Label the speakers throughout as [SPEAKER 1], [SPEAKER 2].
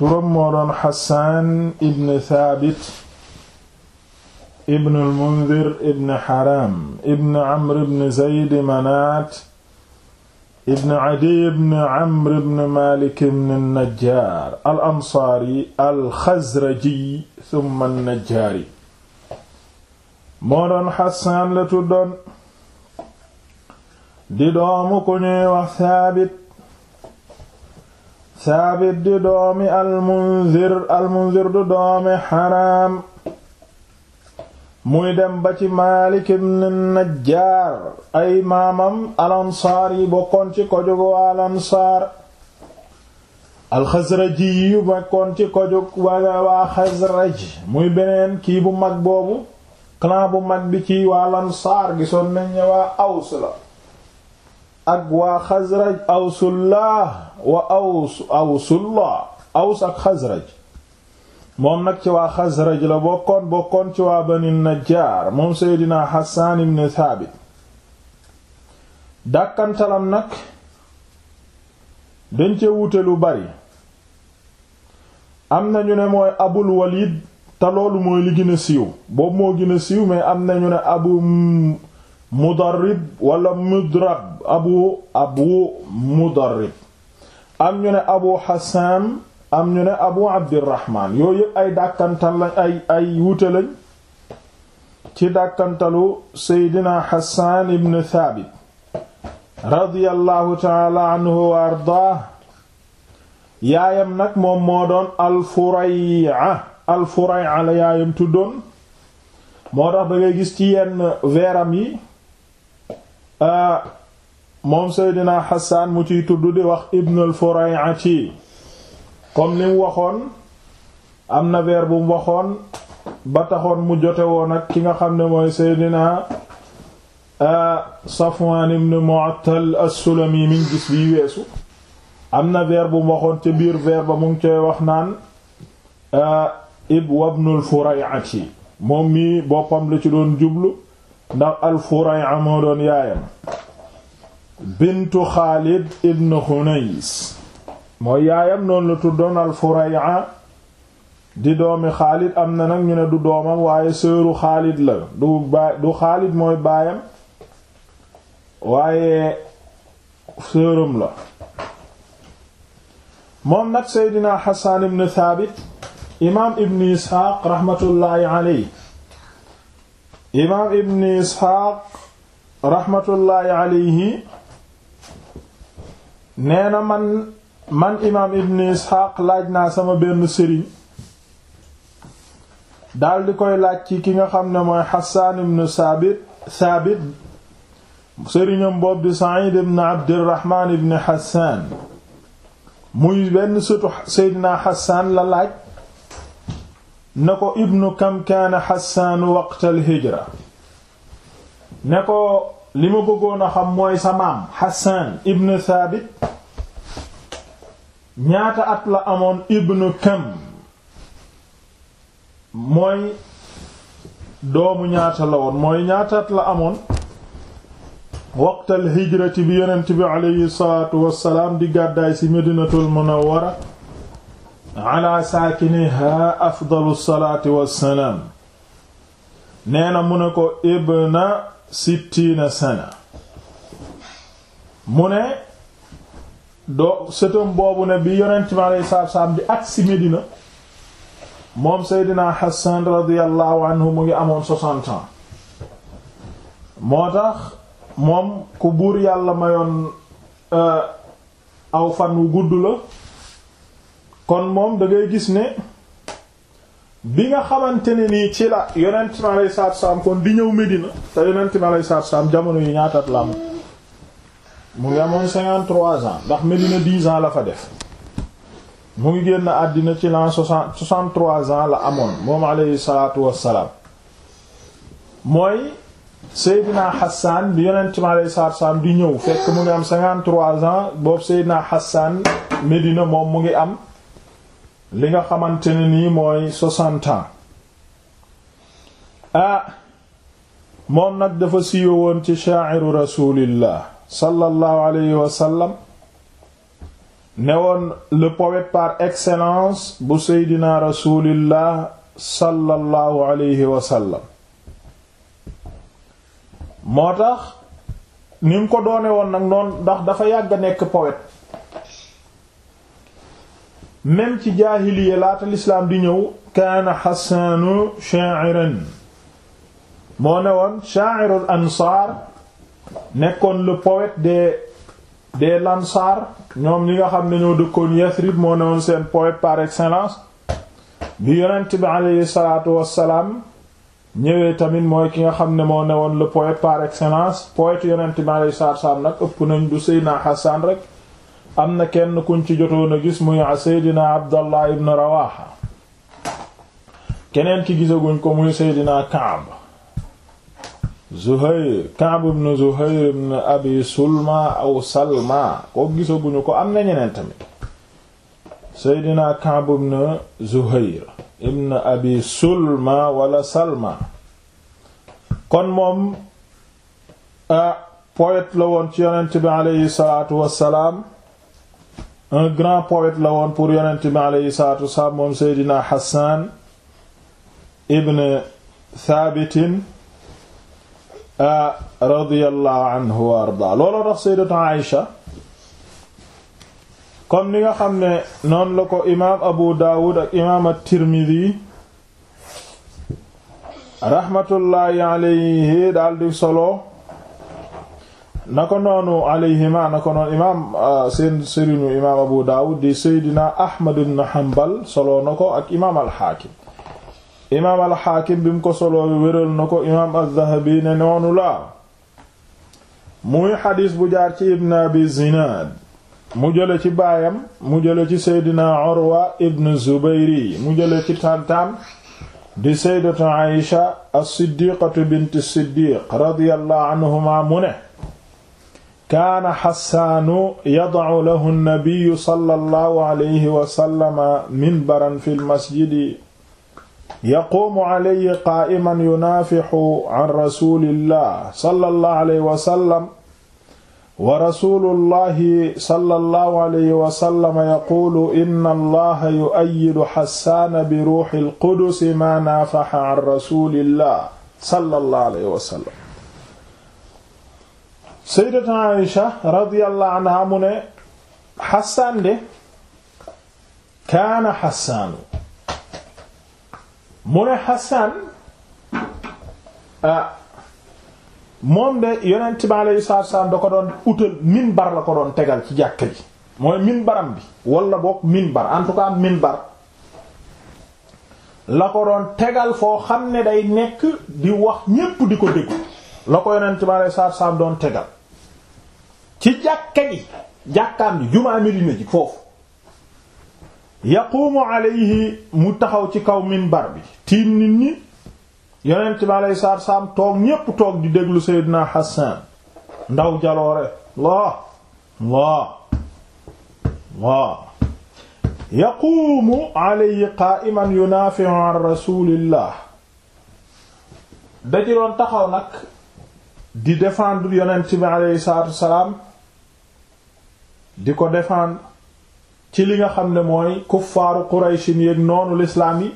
[SPEAKER 1] turam moo doon xasaan ibn thaabit ibn almundir haram ibn amr ibn zayd manaat ibn adi ibn amr ibn malik ibn najjaar al ansaari al xazraji thumma najjaari moo doon di doomu ku ñuy wax Saabit di doomi almunzir almunzir du doomi xaraam muy dem ba ci Maalik ibn Najjaar ay maamam alansaar yi bokkoon ci kojug waa alansaar alxasraji yu bokkoon ci kojug waa xasraj muy beneen kii bu mag boobu clan bu mag bi ci waa alansaar gisoon nañ waa Aws ak waa xasraj awsullah wa aws awsullah aws ak xasraj moom nag ci waa xasraj la bokkoon bokkoon ci waa bani najjaar moom seydina xasaan ibn thaabit dàkkantalam nag dañ cee lu bari am na ñu ne mooy abul walid te loolu mooy li gën a siiw boobu moo gën a siiw mais am nañu ñu ne abu mudarrib wala mudrab abu abu mudarrib am ñu ne abu hassan am ñu ne abu abdirahman yooyu ay dàkkantal lañ ay ay ci dakkantalu seydina hassan ibn thabit radiyallahu taala anhu wa nag moom moo doon alfuraya alfuraya la yaayam tuddoon moo tax da ngay gis ci yenn yi Ah, moom Seydina Hassan mu ciy tudd di wax Ibn al-Furayati comme li waxoon am na weer bu mu waxoon ba taxoon mu jote woon ak ki nga xam ne mooy Seydina ah, Safwan ibn Mu'attal as-Sulami min gis bi weesu am na weer bu waxoon ca biir weer ba mu ngi coy wax naan ah, ib wabnul Furayati moom mii boppam la ci doon jublu ndax al-Furay'a moo doon yaayam bintu Xaalid ibn Xunays mooy yaayam noonu la tuddoon al-Furay'a di doomi Xaalid am na nag ñu ne du doomam waaye sëru Xaalid la du Xaalid mooy baayam waaye sëram la moom nag Seydina Hassan ibn Thabit imaam ibn Isxaaq raxmatullaahi alayhi imaam ibn isxaaq raxmatullaahi alayhi nee na man man imaam ibn isxaaq laaj naa sama benn sëriñ daldi koy laaj ci ki nga xam ne mooy xasaan ibn saabit saabit sëriñam boobu di said ibn abdirahmaan ibn xasaan muy benn sëtu seydina xasaan la laaj na ko ibnu kam kaana xassaanu waqtal hijra ne ko li ma bëggoon a xam mooy sa maam xassaan ibnu thaabit ñaata at la amoon ibnu kam mooy doomu ñaata la woon mooy ñaata at la amoon waqtal hijrati bi yonent bi aleyhi salaatu wassalaam di gàddaay ci medinatul munawwara ala saakiniha afdalu salaati wassalaam nee na mu ne ko ibna sittiina sana mu ne doo sëtam boobu ne bi yonent mi aleyhi salaatu salaam di agsi Medina moom Seydina Hassan radiyallahu anhu mu ngi amoon soixante moo tax moom ku buur yàlla mayoon euh, aw fan wu gudd la kon moom da gis ni bi nga xamante ne nii ci la yonent mi alayhi salaatu salaam kon di ñëw Medina te yonent mi alayhi salaatu salaam jamono yi ñaataat la am mu ngi amoon 53 ans ndax Medina 10 ans la fa def mu ngi génn àddina ci l'an 60 63 la amoon moom alayhi salaatu wassalaam mooy Seydina Hassan bi yonent mi alayhi salaatu salaam di ñëw fekk mu ngi am 53 ans boobu Seydina Hassan Medina moom mu ngi am. li nga xamante ne nii mooy soixante ans ah, moom nag dafa siiwe woon ci sha'iru rasulillah sallallahu alayhi wa sallam ne woon le poète par excellence bu seydina rasulillah sallallahu alayhi wa sallam moo tax ni ko doone woon nag noonu ndax dafa yàgg a nekk powet même ci jaahiliya laata lislaam di ñëw kaana xasaanu sha'iran moo ne woon sha'irul ansaar nekkoon le poète des des lansaar ñoom ñi nga xam ne ñoo dëkkoon Yasrib moo ne woon seen poète par excellence bi yonent bi aleyhi salaatu wassalaam ñëwee tamit mooy ki nga xam ne moo ne woon le poète par excellence poète yonent bi aleyhi salaatu wassalaam nag ëpp nañ du seynaa Hassan rek am na kenn kuñ ci jotoon a gis muy seydina abdallah ibn rawaha keneen ki gisaguñ ko muy seydina kaab zuhayr kaab ibn zuhayr ibn abi sulma aw salma ko gisaguñu ko am na ñeneen tamit seydina wala salma kon moom a ah, poète la woon ci yonent bi aleyhi salaatu wassalaam un grand poète la woon pour yonent bi aleyhi salaatu wasalaam moom seydina Hassan ibn Thaabitin radiyallahu anhu wa ardaa looloo tax seydatu Aïsha comme ni nga xam ne noonu la ko imaam Abu Daawud ak imaam at-Tirmidhi rahmatullahi aleyhi daal di solo na ko noonu alayhima na ko noonu imaam ah, seen sëriñu imaam Abu Dawud di Seydina Ahmad ibn Hanbal soloo na ko ak imaam al-Hakim imaam al-Hakim bi mu ko soloo wéral na ko imaam az-Zahabi ne noonu laa muy xadis bu jaar ci Ibn Abi Zinad mu jële ci baayam mu jële ci Seydina Urwa ibn Zubayri mu jële ci tantaam di Sayyidatu Aïsha as-Siddiqatu bint as-Siddiq radiyallahu anhuma mu ne kaana xassaanu yada'u lahu nnabiyu sallallahu alayhi wa sallama minbaran fi lmasjidi yaquumu alayhi qaa'iman yunaafixu can rasuulillah sallallahu alayhi wa sallam wa rasuulullahi sallallahu alayhi wa sallama yaquulu inna allaha yu'ayyidu xassaana biruuxil qudusi maa naafaxa can rasuulillah sallallahu alayhi wa sallam sayyidatuna Aïsha radiyallahu anha mu ne Hassan de kaana Hassan mu ne Hassan moom de yonent bi alayhi salaatu salaam da ko doon utal minbar la ko doon tegal ci jàkka ji mooy minbaram bi wala boog minbar en tout cas minbar la ko doon tegal foo xam ne day nekk di wax ñépp di ko déglu la ko yonent ma lay saar saam doon tegal ci jàkka ji jàkkaam ji jumaa Medina ji foofu yaqumu alayhi mu taxaw ci kaw minbar bi tiim nit ñi toog ñépp toog di déglu Seydina Hassan ndaw jaloore laa laa laa yaqumu alayhi qa'iman an rasulillah da ci doon taxaw nag di défendre yonent bi aleyhi salaatu wasalaam di ko défendre ci li nga xam ne mooy kuffaaru Quraysh yeeg noonu lislaam yi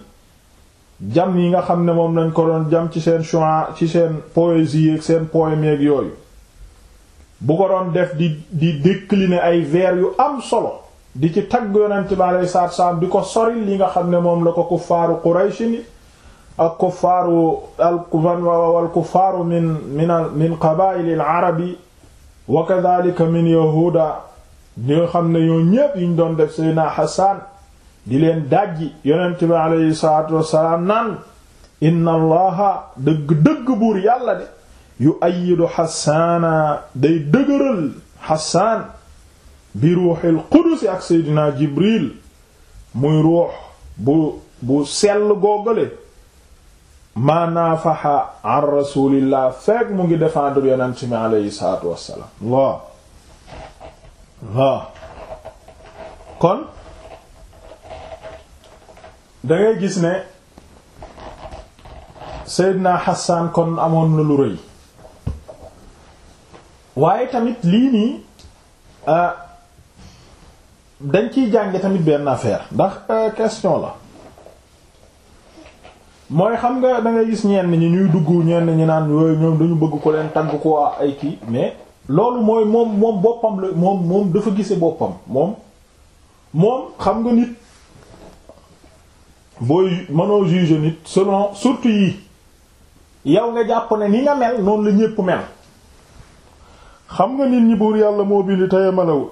[SPEAKER 1] jam yi nga xam ne moom lañ ko doon jam ci seen choix ci seen poésie yeeg seen poème yeeg yooyu bu ko doon def di di décliner ay veer yu am solo di ci tagg yonent bi aleyhi salaatu di ko sori li nga xam ne moom la ko kuffaaru Quraysh yi ak kuffaaru al kuffaaru min min min qabaa'il al arabi wa kadhalika min yahuuda ñi nga xam ne ñoo ñépp yi ñu doon def Seydina Hassan di leen dajji yonent bi aleyhi salaatu wassalaam naan inna allaha dëgg-dëgg buur yàlla de yu ayidu xassaana day dëgëral xassaan bi ruuxil qudusi ak Seydina Jibril muy ruux bu bu sell googale maa naafaxa an rasulillah fekk mu ngi défendre yonent mi aleyhi salaatu wassalaam waaw waaw kon dangay gis ne Seydina Hassan kon amoon na lu rëy waaye tamit lii nii euh, dañ ciy jànge tamit benn affaire ndax euh, question la mooy xam nga da ngay gis ñenn ñi ñuy dugg ñenn ñi naan yooyu ñoom dañu bëgg ko leen tagg ko ay kii mais loolu mooy moom moom boppam la moom moom dafa gise boppam moom moom xam nga nit booy mënoo juger nit selon surtout yi yow nga jàpp ne ni nga mel noonu la ñépp mel xam nga nit ñi buur yàlla moo bind tey malaw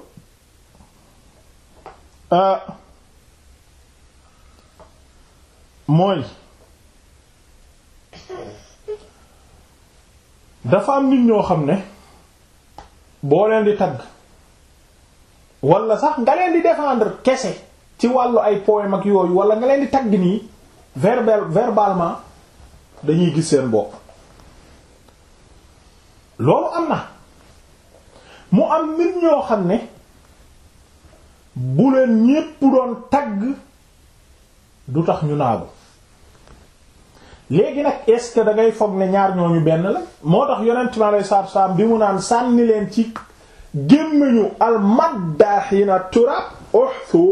[SPEAKER 1] ah mooy dafa am nit ñoo xam ne boo leen di tagg wala sax nga leen di défendre kese ci wàllu ay poème ak yooyu wala nga leen di tagg nii verbal verbalement dañuy gis seen bopp loolu am na mu am nit ñoo xam ne bu leen ñépp doon tagg du tax ñu naagu léegi nag est-ce foog ne ñaar ñooñu benn la moo tax yonent mi alei bi mu naan sànni leen ci gémmiñu almaddaaxina turab uhfu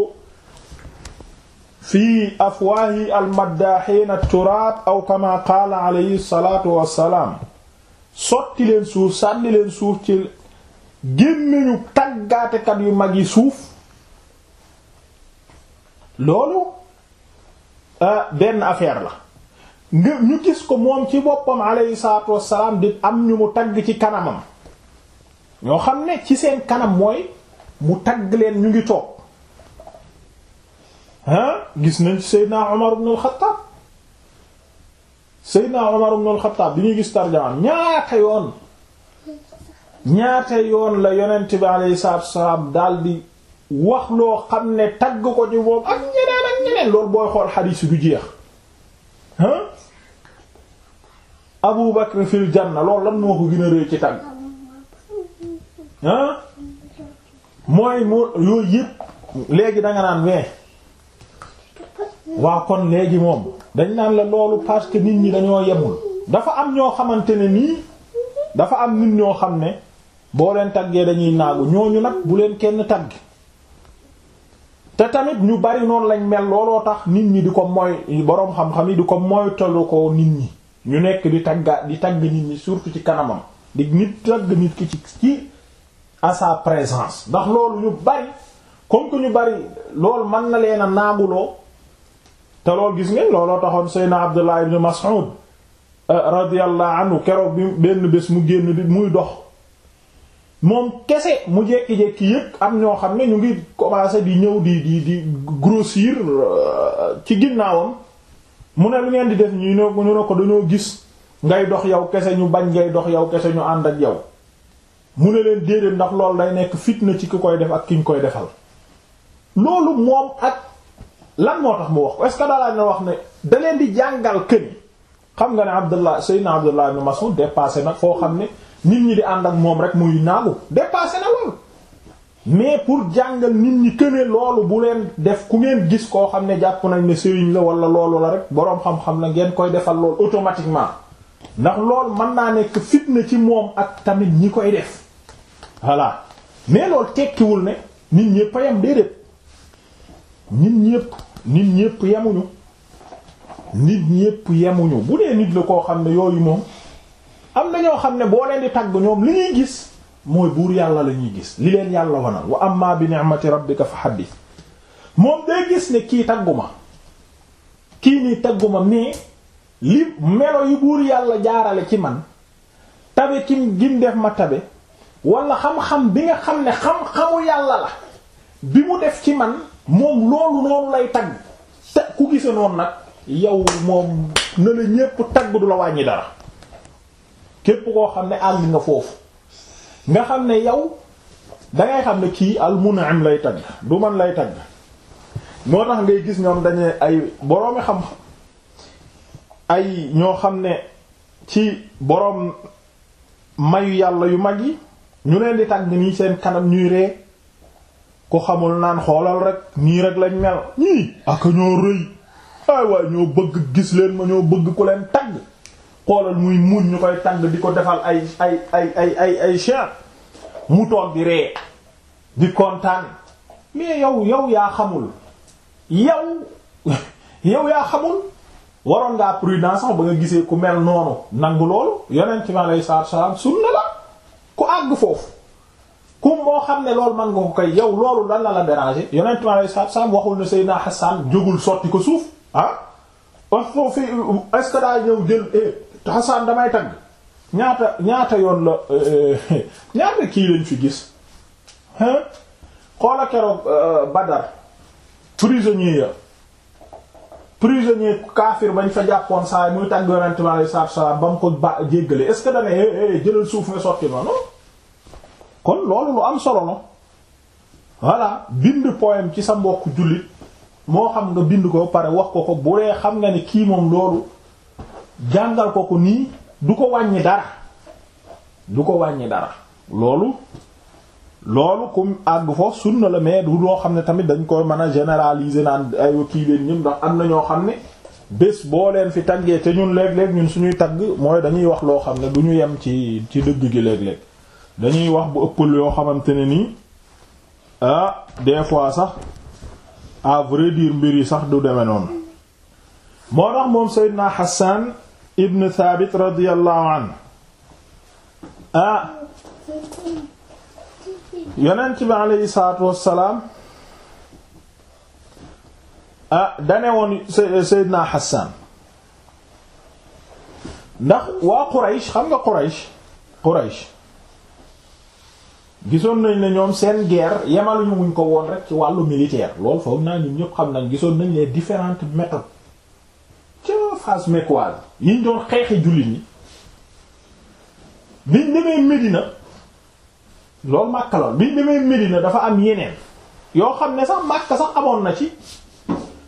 [SPEAKER 1] fii afwaahi almaddaaxina turab aw kama qaala alayhi salaatu wassalaam sotti leen suuf sànni leen suuf ci gémmiñu taggaatekat yu mag yi suuf loolu ah, benn affaire nga ñu gis ko moom ci boppam aleyhi salaatu wassalaam di am ñu mu tagg ci kanamam ñoo xam ne ci seen kanam mooy mu tagg leen ñu ngi toog ah gis nañ ci Seydina Omar ibn al-Khattab Seydina Omar ibn al-Khattab bi ñuy gis tarjamaan ñaata yoon ñaata yoon la yonent bi aleyhi salaatu wassalaam daldi wax loo xam ne tagg ko ci moom ak ñeneen ak ñeneen loolu booy xool xadiis du jeex Abu Bakr fil na loolu lan moo ko gën a rëy ci tàgg ah mooy moo yooyu yëpp léegi danga naan mais waa kon léegi moom dañ naan la loolu parce que nit ñi dañoo yemul dafa am ñoo xamante ne nii dafa am nit ñoo xam ne boo leen taggee dañuy naagu ñooñu nag bu leen kenn tagg te tamit ñu bari noonu lañ mel looloo tax nit ñi di ko mooy boroom xam-xam yi di ko mooy moytalu ko nit ñi ñu nekk di tagga di tagg nit ñi surtout ci kanamam di nit tagg nit ki ci ci à sa présence ndax loolu ñu bari comme que ñu bari loolu mën na leen a naaguloo te loolu gis ngeen looloo taxoon Seydina Abdullah ibn Mas'ud euh, radiyallahu anhu keroog bi benn bés mu génn di muy dox moom kese mu jékki-jékki yëpp am ñoo xam ne ñu ngi commencé di ñëw di di di grossir euh, ci ginnaawam mu ne lu ngeen di def ñu ne ñu ne ko dañoo gis ngay dox yow kese ñu bañ ngay dox yow kese ñu ànd ak yow mu ne leen déedéet ndax loolu day nekk fitna ci ki koy def ak ki ñu koy defal loolu moom ak lan moo tax mu wax ko est que daal na wax ne da di jàngal kër yi xam nga ne Abdullah Seydina Abdullah ibn Mas'ud dépassé nag foo xam ne nit ñi di ànd ak moom rek muy naagu dépassé na loolu. mais pour jàngal nit ñi këne loolu bu leen def ku ngeen gis koo xam ne jàpp nañ ne sëriñ la wala loolu la rek boroom xam-xam la ngeen koy defal loolu automatiquement ndax loolu mën naa nekk fitna ci moom ak tamit ñi koy def voilà mais loolu tekkiwul ne nit ñépp a yem nit ñépp nit ñépp nit ñépp yemuñu bu dee nit la koo xam ne yooyu moom am na ñoo xam ne boo leen di tagg ñoom li ñuy gis mooy buur yàlla la ñuy gis li leen yàlla wanal wa amma bi ni'mati rabbika fa bi moom day gis ne kii tagguma kii nii tagguma mais li melo yi buur yàlla jaarale ci man tabe kim gim def ma tabe wala xam-xam bi nga xam ne xam-xamu yàlla la bi mu def ci man moom loolu noonu lay tagg te ku gise noonu nag yow moom na la ñépp tagg du la wàññi dara képp koo xam ne àll nga foofu nga xam ne yow dangay xam ne kii al-Mun'im lay tagg du man lay tagg moo tax ngay gis ñoom dañuy ay boroomi xam ay ñoo xam ne ci boroom mayu yàlla yu mag yi ñu leen di tagg nii seen kanam ñuy ree ku xamul naan xoolal rek nii rek lañ mel ñii ak ñoo rëy waaye ñoo bëgg gis leen ma ñoo bëgg ku leen tagg xoolal muy muñ ñu koy tàng di ko defal ay ay ay ay ay ay cher mu toog di ree di kontaan mais yow yow yaa xamul yow yow yaa xamul waroon ngaa prudence sax ba nga gisee ku mel noonu nangu loolu yonent bi alayhi salaatu salaam sunna la ku àgg foofu ku moo xam ne loolu mën nga ko koy yow loolu lan la la déranger yonent bi alayhi salaatu salaam waxul ne Seydina Hassan jógul sotti ko suuf ah. wax foofu est-ce ñëw jël eh, Hassan damay tagg ñaata ñaata yoon la euh, euh, ñaata kii lañ fi gis xoola keroog euh, Badar prisonnier ya prisonnier kaafir bañ fa jàppoon saa muy tagg Yonent bi alayhi salaatu wa salaam ba mu ko ba jéggale est-ce que dana eh, eh, eh, jëlal suuf nga sotti ma non kon loolu lu am solo la bind poème ci sa mbokk jullit moo xam nga bind ko pare wax ko ko bu dee xam nga ne kii moom loolu jàngal ko ko nii du ko wàññi dara du ko wàññi dara loolu loolu ku àgg foofu sunna la mais du loo xam ne tamit dañ koy mën a généraliser naan ay kii leen ñun ndax am na ñoo xam ne bés boo leen fi taggee te ñun léeg-léeg ñun suñuy tagg mooy dañuy wax loo xam ne du ñu yem ci ci dëgg gi léeg-léeg dañuy wax bu ëppal yoo xamante ne nii ah des fois sax à vrai mbir yi sax du demee noonu. moo tax moom Seydina Hassan ibn Thabit radiyallahu anhu ah yonent bi aleyhi salaatu wassalaam ah dane Hassan ndax waa Quraysh xam nga Quraysh Quraysh gisoon nañ ne ñoom seen guerre yemaluñu muñ ko woon rek ci wàllu militaire loolu foog naa ñun ñëpp xam nañ gisoon nañ les différentes méthodes phase mecquoise yi ñu doon xeexi jullit ñi biñ demee Médina loolu Makka la biñ demee Médina dafa am yeneen yoo xam ne sax Makka sax amoon na ci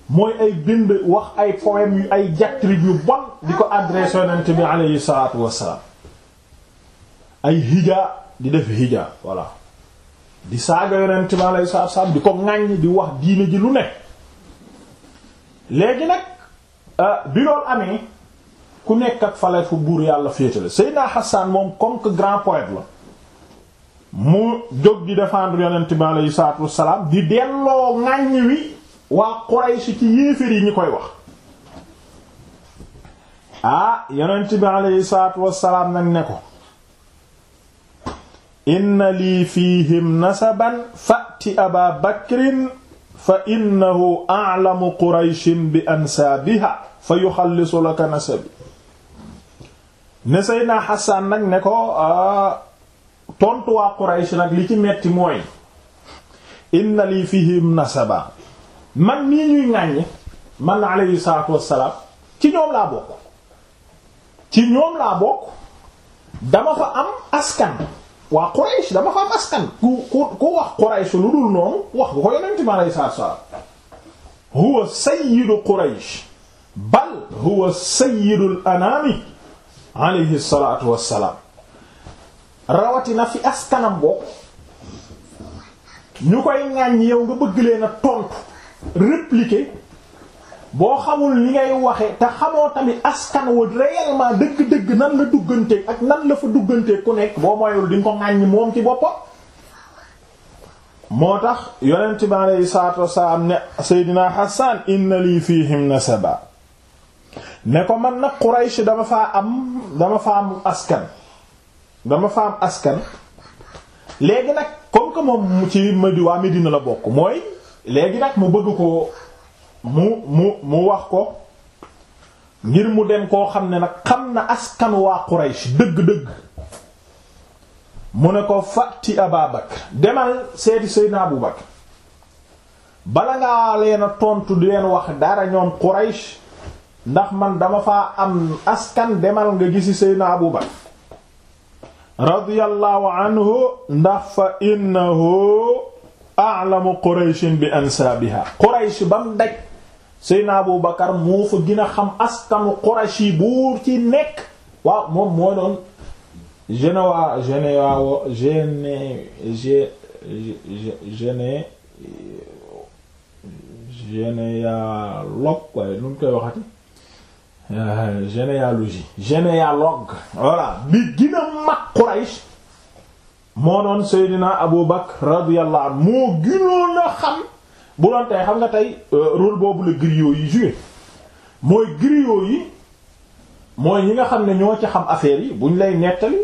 [SPEAKER 1] mooy ay bind wax ay poème yu ay diatribe yu bon di ko adressé yonent bi alayhi salaatu wassalaam ay hija di def hija voilà di saaga yonent bi alayhi salaatu wassalaam di ko ŋàññ di wax diine ji lu ne léegi nag Euh, bi loolu amee ku nekk ak fale buur yàlla féetale Seydina Hassan moom comme grand poète la mu jóg di défendre yonent bi aleyhi salaatu wassalaam di delloo ŋàññ wi waa Quraysh ci yéeféer yi ñu koy wax ah yonent bi aleyhi nag ne ko inna lii fiihim nasaban fa'ti aba fa innahu a'lamu qurayshin bi ansaabiha fa yuxallisu laka nasabi ne Seydina Hassan nag ne ko tontu waa Quraysh nag li ci metti mooy inna li fihim nasaba man nii ñuy ŋàññe man alayhi salaatu wassalaam ci ñoom laa ci ñoom laa bokk dama fa am askan waa Quraysh dama fa maskan ku ku ku wax Quraysh lu dul noonu wax nga ko yonent mi alayhi salaatu wa huwa sayyidu Quraysh bal huwa sayyidul anaami alayhi salaatu wa rawatina fi askanam bokk ñu koy ŋàññ yow nga bëgg leen tontu répliquer boo xamul li ngay waxee te xamoo tamit askan wu réellement dëgg-dëgg nan la duggante ak nan la fa duggante ku nekk boo moyul di ko ŋàññi moom ci boppam. moo tax yonent bi aleyhi salaatu wasalaam ne Seydina Hassan inna lii fiihim nasaba ne ko man nag Quraysh dama fa am dama faa am askan dama fa am askan léegi nag comme que moom ci madi waa dina la bokk mooy léegi nag mu bëgg ko mu mu mu wax ko ngir mu dem koo xam ne nag xam na askan waa Quraysh dëgg-dëgg mu ne ko fàtti Aba Bakr demal seeti Seydina Abu bala ngaa leen a tontu di leen wax dara ñoom Quraysh ndax man dama faa am askan demal nga gisi Seydina Abu Bakr radiyallahu anhu ndax fa innahu a'lamu Qurayshin bi ansaabiha Quraysh bam daj Seydina Abu Bakar moo fa gën a xam askanu Qurashi buur ci nekk waaw moom moo doon genewa genewa gene ge gene généalogue waaye nu mu koy waxati euh, généalogie généalogue voilà bi gën a mag Quraysh moo doon Seydina Abu Bakr radiyallahu anhu moo gënoon a xam bu doon tey xam nga tey euh, rôle boobu la griots yi joué mooy griots yi mooy ñi nga xam ne ñoo ci xam affaire yi buñ lay nettali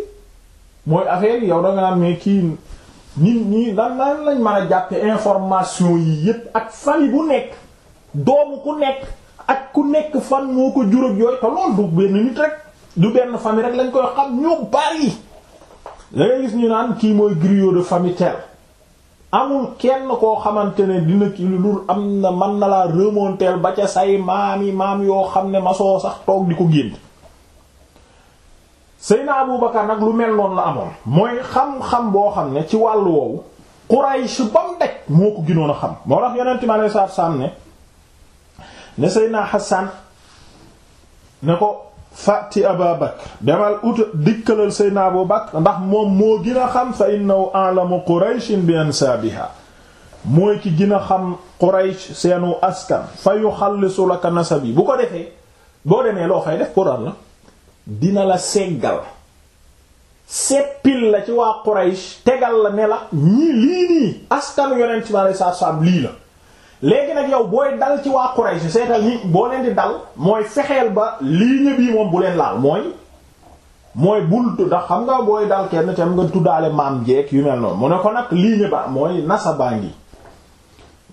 [SPEAKER 1] mooy affaire yi yow da nga am ne kii nit ñi lan lañ mën a jàppe information yi yëpp ak famille bu nekk doomu ku nekk ak ku nekk fan moo ko juróom yooyu te lool du benn nit rek du benn famille rek lañ koy xam ñoo bari da ngay gis ñu naan kii mooy griot de famille telle amul kenn koo xamante ne dina kii lu dul am man mën na laa remonter ba ca say maam maam yoo xam ne masoo sax toog di ko génn Seyna Abubakar nag lu mel noon la amoon mooy xam-xam boo xam ne ci wàllu woowu Quraysh ba mu daj moo ko ginoon a xam moo tax yonent mi alayhi salaatu salaam ne ne Seyna Hassan ne ko fati aba bakr demal uta dikkalal seydna abu bakr ndax moom moo gën a xam fa innahu a'lamu qurayshin bi ansaabiha mooy ki gën a xam quraysh seenu askan fa yuxallisu laka nasabi bu ko defee boo demee loo fay def quran la dina la seggal seppil la ci waa quraysh tegal la ne la ñii lii nii askan yonent bi alayhi salaam lii la léegi nag yow booy dal ci waa Quraysh seetal ni boo leen di dal mooy fexeel ba ligne bii moom bu leen laal mooy mooy bul ndax xam nga booy dal kenn tam nga tuddaale maam jeeg yu mel noonu mu ne ko nag ligne ba mooy nasabaa ngi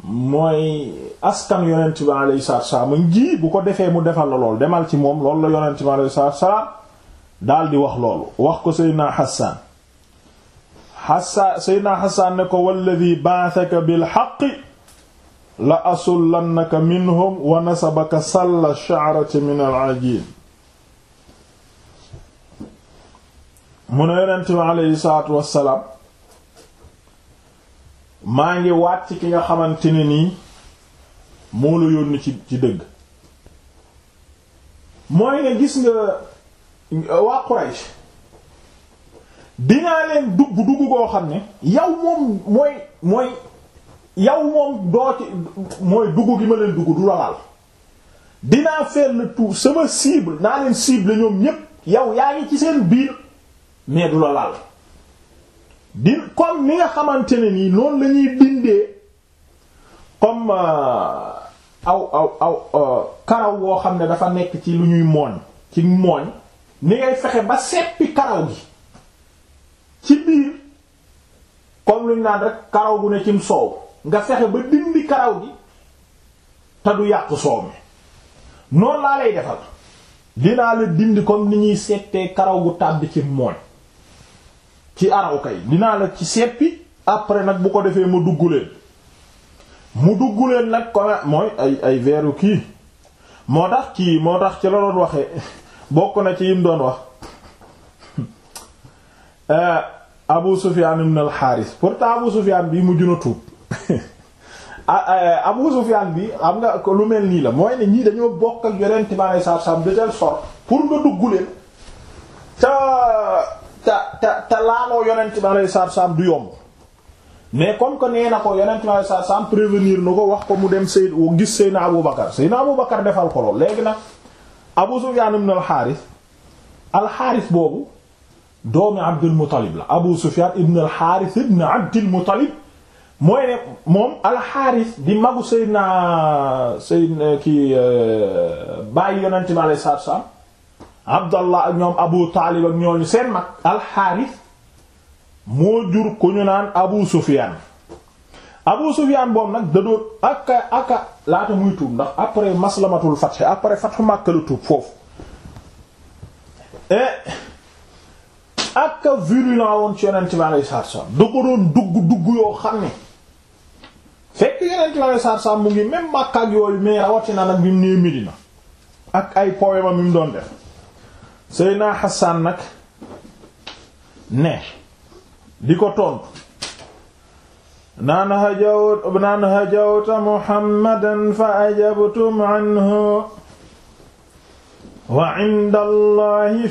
[SPEAKER 1] mooy askan yonent bi alayhi salaatu wassalaam bu ko defee mu defal la loolu demal ci moom loolu la yonent bi alayhi salaatu wassalaam daal di wax loolu wax ko Seydina Hassan Hassan Seydina Hassan ne ko walladi ba'athaka bil haqqi la asullannaka minhum wa nasabaka salla sha'rati min al-ajin mu ne yonent bi aleyhi salaatu maa ngi waat ki nga xamante ni nii moo la yónni ci ci dëgg mooy ne gis nga waa Quraysh dinaa leen dugg dugg koo xam ne yow moom mooy mooy yow moom doo ci mooy dugg gi ma leen dugg du la laal dinaa faire le tour sama cible naa leen cible ñoom ñépp yow yaa ngi ci seen biir mais du la laal di comme mi nga xamante ne nii noonu lañuy ñuy dindee comme euh, aw aw aw euh, karaw woo xam ne dafa nekk ci lu ñuy mooñ ci mooñ ni ngay fexe ba seppi karaw gi ci biir comme lu naan rek karaw gu ne cim soow nga fexe ba dindi karaw gi te du yàq soow mi noonu laa lay defal dinaa la dindi comme ni ñuy settee karaw gu tàbbi ci mooñ ci araw kay dinaa la ci seppi après nag bu ko defee mu dugg leen mu dugg leen nag comme mooy ay ay veeru kii moo tax kii moo tax ci la doon waxee bokk na ci yim doon wax eh, Abu Sufyan ibn al-Harith pourtant Abu Sufyan bi mu juna tuub Ah, eh, Abu Sufyan bi xam nga lu mel nii la mooy ne ñii dañoo bokk ak yonent bi alayhi salaatu salaam de telle sorte pour nga dugg leen te te te laaloo yonent bi alayhi salaatu salaam du yomb mais comme que nee ko yonent bi alayhi salaatu salaam prévenir na ko wax ko mu dem Seyd gis Seydina Abu Bakar Seydina Abu Bakar defal ko lool léegi nag Abu Sufyan ibn al-Harith al-Harith boobu doomi Abdul Muttalib la Abu Sufyan ibn al-Harith ibn Abdul Muttalib mooy ne moom alxaaris di magu Seydina Seydina ki euh, bàyyi yonente mi alei satu Abdallah ak ñoom Abu Taalib ak ñooñu seen mag alxaaris moo jur ku ñu naan Abu Sufyaan Abu Sufyaan boobu nag da doon aka aka laata muy tuub ndax après maslamatul fath après fathu Makka la tuub foofu eh, aka virulent woon ci yonente mi alei satu salaam doon dugg dugg yoo xam ne fekk yeneen clavier saar saar mu ngi même Makka ak yooyu mais rawatina nag bi mu nee ak ay poème mi mu doon def Seydina Hassan nag ne di ko tontu naan hajawt naan hajawta Muhammadan fa ajabtum anhu wa inda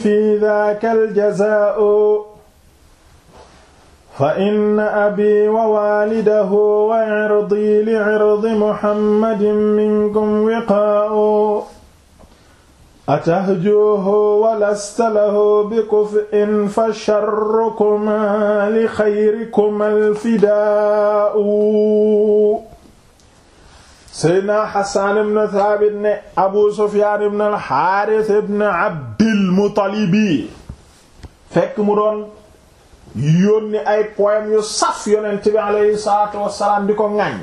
[SPEAKER 1] fi dhaaka al fa inna abii wa waalidahu wa cirdi li cirdi muhammadin minkum wiqaa'u atahjuuhu wa lasta lahu bikuf'in fa sharrukumaa li xayrikumaa alfidaa'u seydna xasaan ibn thaabit ne abu sufyaan ibn alxaaris ibn abdilmuttalibi fekk mu doon yónni ay poème yu saf yonent bi aleyhi salaatu wassalaam di ko ŋàññ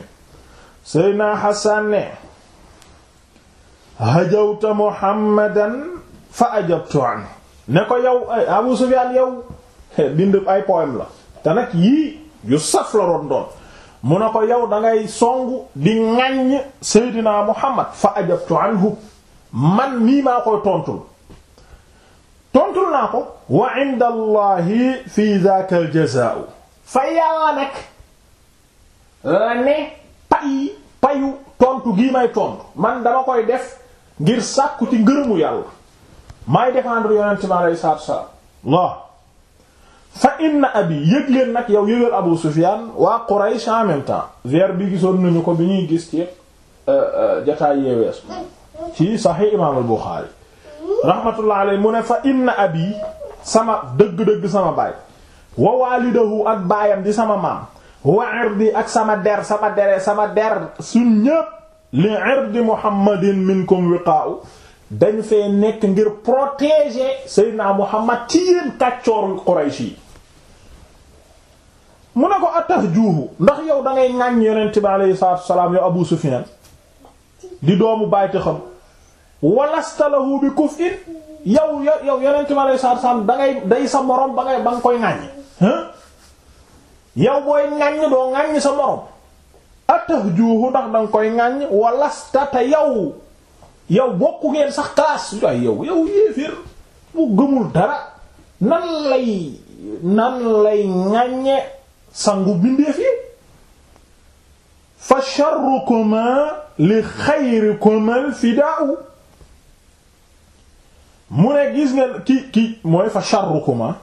[SPEAKER 1] seydna Hassan ne hajawta Muhammadan fa ajabtu an ne ko yow Abu Sufyaan yow eh, bind ay poème la te nag yii yu saf la doon doon mu ko yow dangay songu di ŋàññ seydina Muhammad fa ajabtu anhu man mii maa koy tontul tontul naa ko wa inda allahi fi zaaka al jazaa'u fa yàlla ne pay payu tontu gii may tontu man dama koy def ngir sàkku ci ngërëmu yàlla may défendre yonent mi alayhi salaatu wa salaam fa inna abi yëg leen nag yow yëgal Abu Sufyan waa Quraysh en même temps vers bi gisoon nunu ko bi ñuy gis ci euh, euh, jataay yeewees ci Sahih Imaam al rahmatullah mu ne fa inna abi sama dëgg-dëgg sama baay wa waalidahu ak baayam di sama maam wa irdi ak sama der sama dere sama der suñ ñépp li irdi muhammadin minkum wiqaa'u dañu fee nekk ngir protéger sayyidina muhammad ci yéen kàccoor quraysh yi mu ne ko attax juuhu ndax yow dangay ngay ŋàññ yonent bi alayhi salaatu salaam yow abu sufyan di doomu baay te xam walasta lahu bi kuf in yow yeneen ci ma lay saar saam da day sa morom ba ngay ba nga koy ŋàññ yow booy ŋàññ doo ŋàññ sa morom atëx juuxu ndax danga koy ŋàññ walasta te yow yow bokku ngeen sax classe waay yow yow yéeféer gëmul dara nan lay nan lay ŋàññe sangu bindeef yi fa sharrukuma li xayrikumal fidaa'u mu ne gis nga ki ki mooy fa charrukuma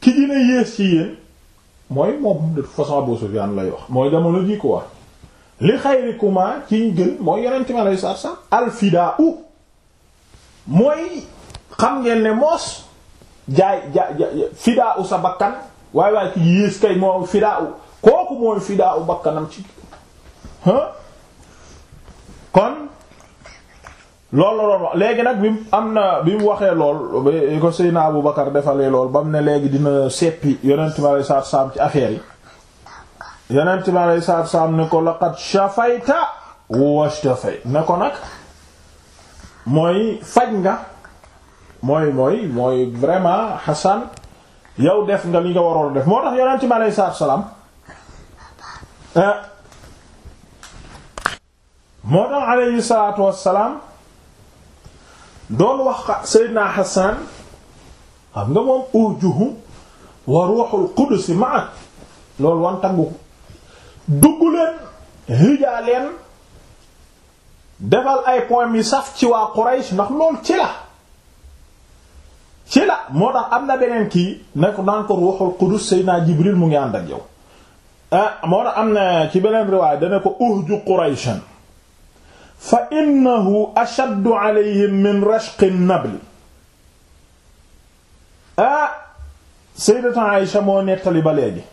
[SPEAKER 1] ki gën a yées ci yéen mooy moom de façon Abu Sufyaan lay wax mooy jamono ji quoi li xayrikuma ci gën mooy yonent mi alayhi salaatu salaam alfidaa u mooy xam ngeen ne moos jaay jaay fidaa u sa bakkan waaye waaye ki yées kay moom fidaa u kooku mooy fidaa u bakkanam ci kon loolu la doon léegi nag bi mu am na bi mu waxee lool ba ko Seydina Abu Bakar defalee lool ba mu ne léegi dina seppi yonent mi alayhi salaatu salaam ci affaire yi yonent mi alayhi salaatu salaam ne ko laqad shafayta washtafay ne ko nag mooy faj nga mooy mooy mooy vraiment Hassan yow def nga li nga waroon def moo tax yonent mi alayhi salaatu salaam eh, doon wax Seydina Hassan xam nga moom urjuhu wa ruuxul qudus ma'ak loolu wan taggu dugg leen hijaa leen defal ay points mi saf ci waa Quraysh ndax loolu ci la ci la moo tax am na beneen kii ne ko naan ko ruuxul qudus Seydina Jibril mu ngi ànd ak eh, moo tax am na ci beneen riwaay dana ko uhju Qurayshan fa innahu ashaddu alayhim min rashqi nabli ah sayyidatu Aïsha moo nettali ba léegi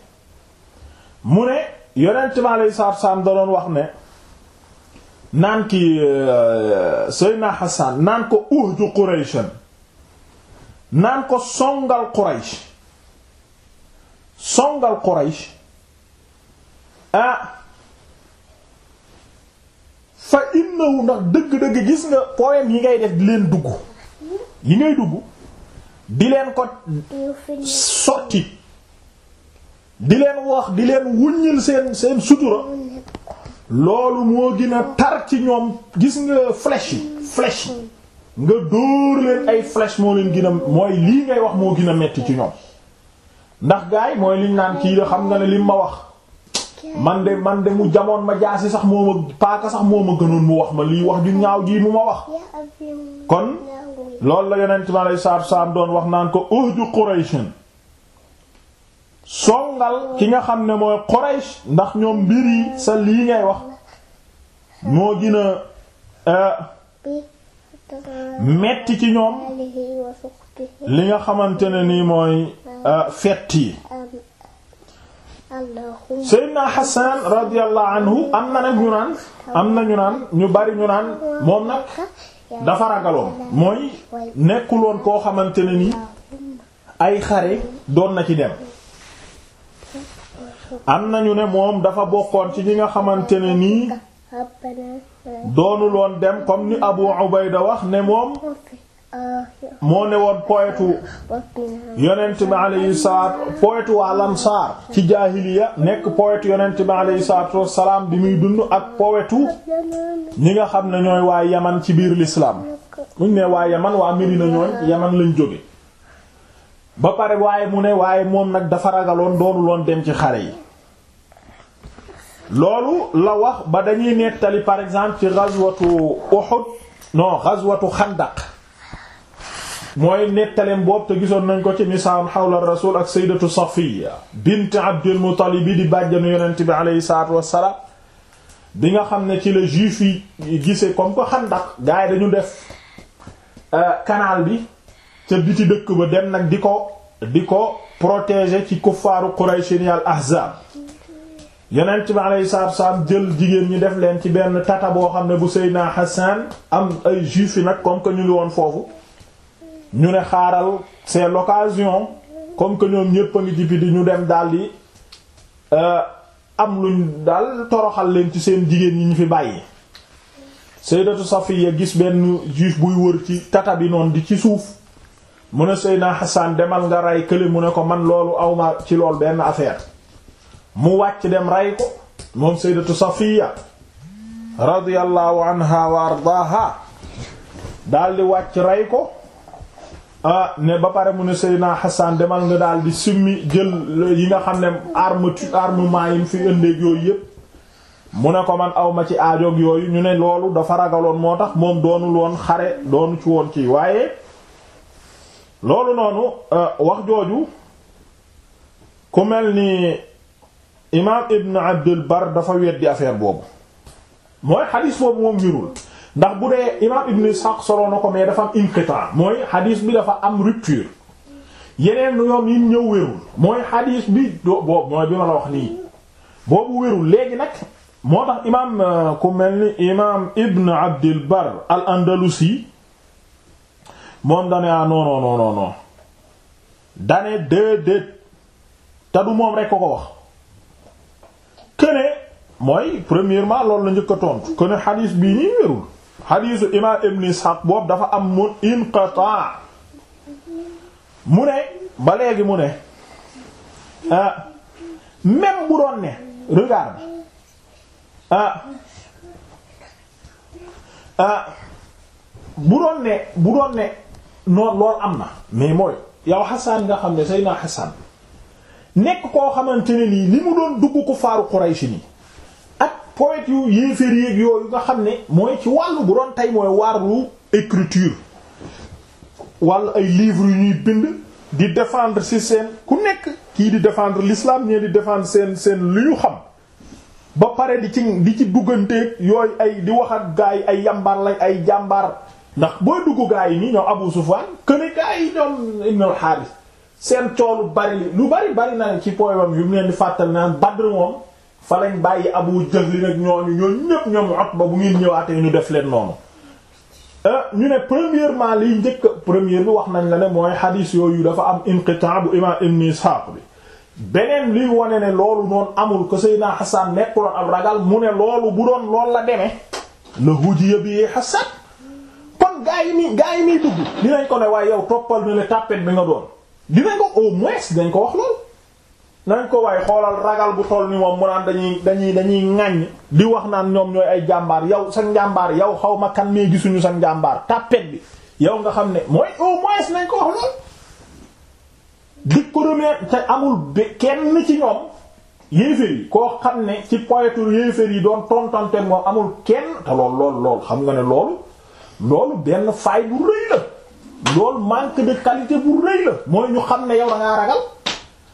[SPEAKER 1] mu ne yonent mi alayhi salaatu wa salaam doon wax ne naan ki euh, Seydina Hassan naan ko uhju Qurayshan naan ko songal Quraysh songal Quraysh ah, fa innahu ndax dëgg-dëgg gis nga poème yi ngay def di leen dugg yi ngay dugg di leen ko sotti di leen wax di leen wuññil seen seen sutura loolu moo gën a tar ci ñoom gis nga flèche yi flèche yi nga dóor leen ay flèche moo leen gën a mooy lii ngay wax moo gën a metti ci ñoom ndax gaay mooy liñ naan kii de xam nga ne li ma wax man de man de mu jamoon ma jaasi sax moo ma paaka sax moo ma gënoon mu wax ma lii wax ju ñaaw ji mu ma wax kon loolu la ci ma lay saatu saam doon wax naan ko uhju Qurayshin songal ki nga xam ne mooy Quraysh ndax ñoom mbir yi sa lii ngay wax moo gina eh, metti ci ñoom li nga xamante ne nii mooy eh, fett yi Seydina Hassan radiyallahu anhu am na nag naan am na ñu naan ñu bari ñu naan moom nag dafa ragaloo mooy nekkuloon koo xamante ne ni ay xare doon na ci dem. am nañu ne moom dafa bokkoon ci ñi nga xamante ne nii doonuloon dem comme ni Abu Ubayda wax ne moom. moo ne woon poète yonent bi alayhi salaatu poète waa lansaar ci jaahiliya nekk poète yonent bi alayhi salaatu wassalaam bi muy dund ak powetu ñi nga xam ne ñooy waa yaman ci biir l'islam muñ ne waaye yaman waa Medina ñooy yaman lañ jóge ba pare waaye mu ne waaye moom nag dafa ragaloon loon dem ci xare yi loolu la wax ba dañuy nettali par exemple ci ghazwatu Uhud non ghazwatu Khandaq mooy nettaleem boobu te gisoon nañ ko ci misaan xawla rasul ak sayyidatu safiya bint abdul muttalib bi di bàjjanu yonent bi aleyhi salaatu wassalaam bi nga xam ne ci la juif yi gisee comme ko xandax gaa dañu def euh, canal bi ca biti dëkk ba dem nag di ko di ko protéger ci kuffaaru qurayshin yal ahzaab yonent bi aleyhi salaatu wassalaam jël jigéen ñi def leen ci benn tata boo xam ne bu seydina hassan am ay juif yi nag comme que ñu ngi woon foofu ñu ne xaaral c'est l'occasion comme que ñoom ñépp a ngi jibi di ñu dem daldi euh, am luñ daal toroxal leen ci seen jigéen yi ñu fi bàyyi sayyidatu Safiya gis benn juif buy wër ci tata bi di ci suuf mu ne Seydina Hassan demal nga rey kële mu ne ko man loolu awma ci lool benn affaire mu wàcc dem rey ko moom sayyidatu Safiya radiyallahu anha wa ardaaha daldi wàcc rey ko ah ne ba pare mu ne Seydina Hassan demal nga daal di simmi jël yi nga xam ne arme armement yi fi ëndeeg yooyu yëpp mu ne ko man aw ma ci aajoog yooyu ñu ne loolu dafa ragaloon moo tax moom doonul woon xare doonu ci woon ci waaye loolu noonu euh, wax jooju ku mel ni imaam Ibn Abdul Bar dafa weddi affaire boobu mooy xadiis boobu moom wirul ndax bu dee imaam Ibn Ishaq solo na ko mais dafa am inqitaa mooy hadith bi dafa am rupture yeneen yoon yi ñëw wérul mooy hadith bi boobu mooy bi ma la wax nii boobu wérul léegi nag moo tax imaam euh, ku mel ni imaam Ibn Abdil Bar al Andalusi moom dane ah, ko ko wax këne mooy premièrement loolu la njëkk a tontu këne hadith bii nii xadiisu imaam ibn Ishaq boobu dafa am mun inqita mu ne ba léegi mu ne ah même bu doon ne regarde ah ah bu doon ne bu doon ne noonu loolu am na mais mooy yow Hassan nga xam ne Seydina Hassan nekk koo xamante ne nii li mu doon dugg ko faaru Quraysh nii poètes yu yéeféer yéeg yooyu nga xam ne mooy ci wàllu bu doon tey mooy wàllu écriture wàllu ay livres yu ñuy bind di défendre ci seen ku nekk kii di défendre l'islam ñee di défendre seen seen lu ñu xam ba pare di ci di ci dugganteeg yooyu ay di wax ak gaa yi ay yambar lañ ay jàmbar ndax boo dugg gaa yi ñoo ñoom Abu Sufyan këne gaa yi ñoom Ibn al seen coolu bari lu bari bari naa ci poème yu mu leen di fàttal naan Badr moom fa lañ bàyyi Abu Jahl nag ñooñu ñooñu ñépp ñoom Utba bu ngeen ñëwaatee ñu def leen noonu euh, ñu ne premièrement lii njëkk première bi wax nañ la ne mooy xadiis yooyu dafa am inqitaa bu imaam Ibn Ishaq bi beneen liy wone ne loolu noonu amul ko Seydina Hassan nekkuloon ab ragal mu ne loolu bu doon loolu la demee la hujiya bi Hassan kon gaa yi nii gaa yi dugg dinañ ko ne waaye yow toppal na le tàppet bi nga doon dinañ ko au moins dinañ ko wax loolu nañ ko waay xoolal ragal bu toll ni moom mu naan dañuy dañuy dañuy ŋàññ di wax naan ñoom ñooy ay jàmbaar yow sa njàmbaar yow xaw ma kan mee gisuñu sa njàmbaar tàppet bi yow nga xam ne mooy au moins nañ ko wax lool di ko remettre te amul ba kenn ci ñoom yéeféer yi koo xam ne ci poyetur yéeféer yi doon tontante moom amul kenn te lool lool lool xam nga ne loolu loolu benn faay bu rëy la loolu manque de qualité bu rëy la mooy ñu xam ne yow da ragal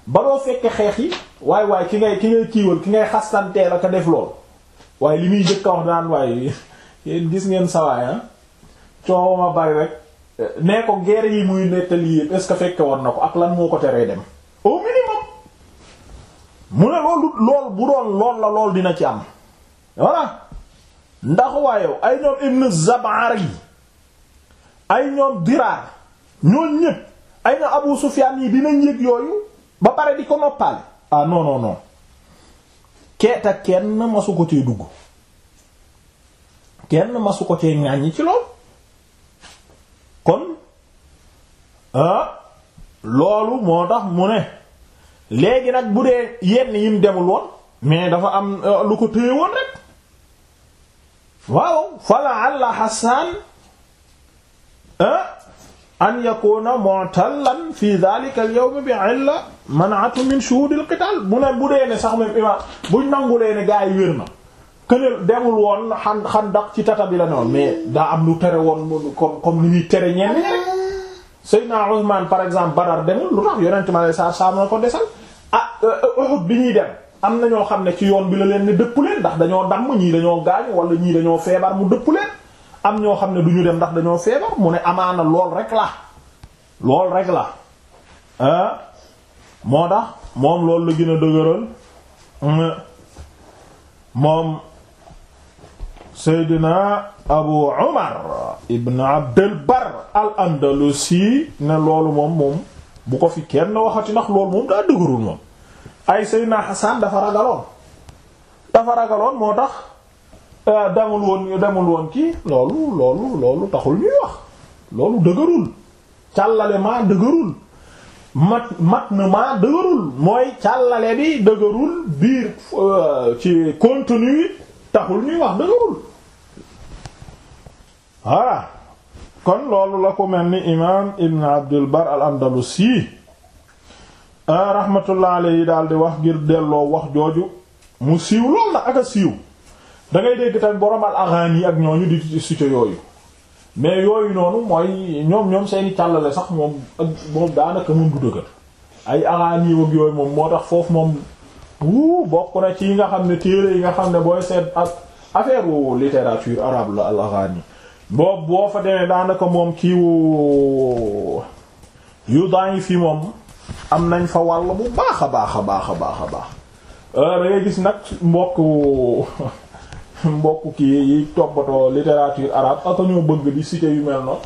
[SPEAKER 1] ba doo fekke xeex yi waaye waaye ki ngay ki ngay kiiwal ki ngay xastantee la ka def lool waaye li muy njëkk a wax daan waaye yéen gis ngeen sawaay ah coow ma bari rek nee ko guerre yi muy nettali yépp woon na ko ak lan ko teree dem mu ne loolu lool bu doon lool la lool dina ci am voilà ndax waayow ay ñoom ibn Zabari ay ñoom Diraar ñoo ñépp ay ñoom Abu Sufyaan yi dinañ yëg yooyu ba pare di ko noppaale ah non keeta kenn masu ko cee dugg kenn masu ko cee ŋàññi ci lool kon ah, loolu moo tax mu ne léegi nag bu dee yenn yim demul woon mais dafa am ah, lu ko téye woon rek waaw fala alla Hassan ah, an yakuna mu'tallan fi dhalika al-yawm bi illa manaatu min shuhudil qital bu ne bu dee ne sax même imaam buñ nangulee ne gaa yi wér na kënal demul woon xan xandaq ci tata bi la ne woon mais daa am lu tere woon comme comme lu ñuy tere ñenn rek Seydina Ousmane par exemple Badar dem lu tax yonent ma lay saa saa ko desal ah euh, euh, Uhud bi ñuy dem am na ñoo xam ne ci yoon bi la leen ne dëpp leen ndax dañoo damm ñii dañoo gaañu wala ñii dañoo feebar mu dëpp leen am ñoo xam ne du ñu dem ndax dañoo feebar mu ne amaana lool rek la lool rek la moo tax moom loolu la gën a dëgëral moom Seydina Abu Umar ibn Abdel Bar al Andalusi ne loolu moom moom bu ko fi kenn waxati ndax loolu moom daa dëgërul moom ay Seydina Hassan dafa ragaloon dafa ragaloon moo tax euh, demul woon demul woon kii loolu loolu loolu taxul ñuy wax loolu dëgërul càllale dëgërul mat mat na maa dëgërul mooy càllale bi dëgërul biir euh, ci contenu taxul ñuy wax dëgërul voilà kon loolu la ko mel ni imaam ibn abdul bar al andalusi euh, rahmatullah alayhi daal di wax ngir delloo wax jooju mu siiw lool na ak a siiw da ngay dégg tamit boroom al aghani ak ñooñu di ci yooyu mais yooyu noonu mooy ñoom ñoom seeni càllale sax moom ak moom daanaka moom du dëgër ay araani yooyu moom moo tax foofu moom wuu bokk na ci yi nga xam ne téere yi nga xam ne booy seet ak affaire wu littérature arabe la al araani boo fa demee daanaka moom kiiwu yu daañu fi moom am nañ fa wàll bu baax a baax a baax a baax a euh, gis nag mbokk mbokk kii yi toppatoo littérature arabe ak ñoo bëgg di cité yu mel noonu